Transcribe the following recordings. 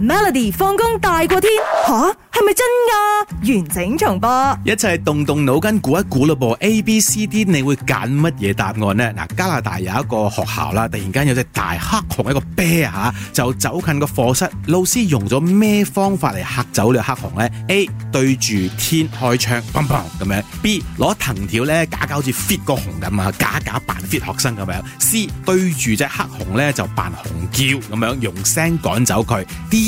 Melody 放工大過天吓，係咪真噶？完整重播，一齊動動腦筋估一估咯噃。A、B、C、D 你會揀乜嘢答案呢？嗱，加拿大有一個學校啦，突然間有隻大黑熊一個啤啊，就走近個課室。老師用咗咩方法嚟吓走呢個黑熊呢？A 對住天開槍砰砰咁樣。B 攞藤條咧假假好似 fit 個熊咁啊，假,假假扮 fit 學生咁樣。C 對住隻黑熊咧就扮熊叫咁樣，用聲趕走佢。D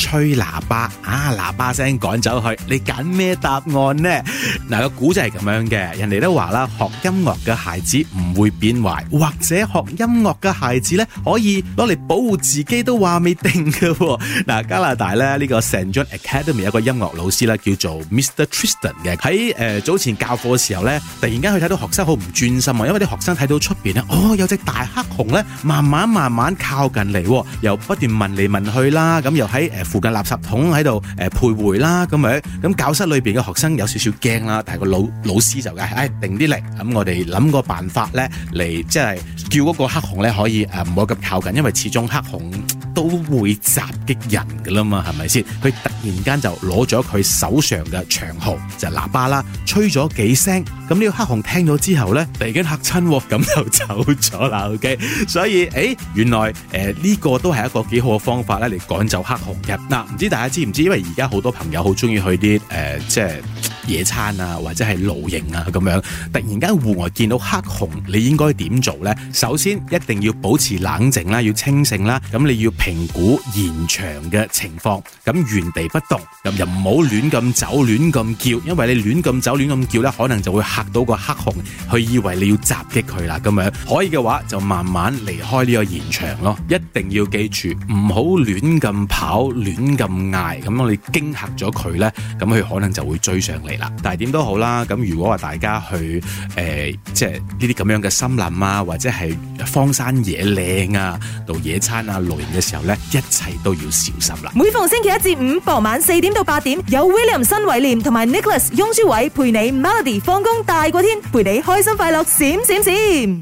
吹喇叭啊！喇叭聲趕走去，你揀咩答案呢？嗱、那，個古仔係咁樣嘅，人哋都話啦，學音樂嘅孩子唔會變壞，或者學音樂嘅孩子咧可以攞嚟保護自己都話未定嘅、哦。嗱，加拿大咧呢、這個 Saint John Academy 有個音樂老師咧叫做 Mr Tristan 嘅，喺誒、呃、早前教課嘅時候咧，突然間佢睇到學生好唔專心啊，因為啲學生睇到出邊啊，哦，有隻大黑熊咧，慢慢慢慢靠近嚟、啊，又不斷聞嚟聞去啦、啊，咁又喺誒。呃附近垃圾桶喺度誒徘徊啦，咁樣。咁教室裏邊嘅學生有少少驚啦，但係個老老師就梗係，誒定啲嚟。咁我哋諗個辦法咧嚟，即係、就是、叫嗰個黑熊咧可以誒唔好咁靠近，因為始終黑熊。都會襲擊人噶啦嘛，係咪先？佢突然間就攞咗佢手上嘅長號，就喇叭啦，吹咗幾聲。咁呢個黑熊聽咗之後呢，突然間嚇親，咁就走咗啦。OK，所以誒、欸，原來誒呢、呃這個都係一個幾好嘅方法呢嚟趕走黑熊嘅。嗱、呃，唔知大家知唔知？因為而家好多朋友好中意去啲誒、呃，即係。野餐啊，或者係露營啊，咁樣突然間戶外見到黑熊，你應該點做咧？首先一定要保持冷靜啦，要清醒啦。咁你要評估現場嘅情況，咁原地不動，咁又唔好亂咁走，亂咁叫，因為你亂咁走，亂咁叫咧，可能就會嚇到個黑熊，佢以為你要襲擊佢啦，咁樣。可以嘅話就慢慢離開呢個現場咯。一定要記住，唔好亂咁跑，亂咁嗌，咁樣你驚嚇咗佢咧，咁佢可能就會追上嚟。係啦，但係點都好啦。咁如果話大家去誒、呃，即係呢啲咁樣嘅森林啊，或者係荒山野嶺啊，到野餐啊、露營嘅時候咧，一切都要小心啦。每逢星期一至五傍晚四點到八點，有 William 新偉廉同埋 Nicholas 雍舒偉陪你 Melody 放工大過天，陪你開心快樂閃閃閃。閃閃閃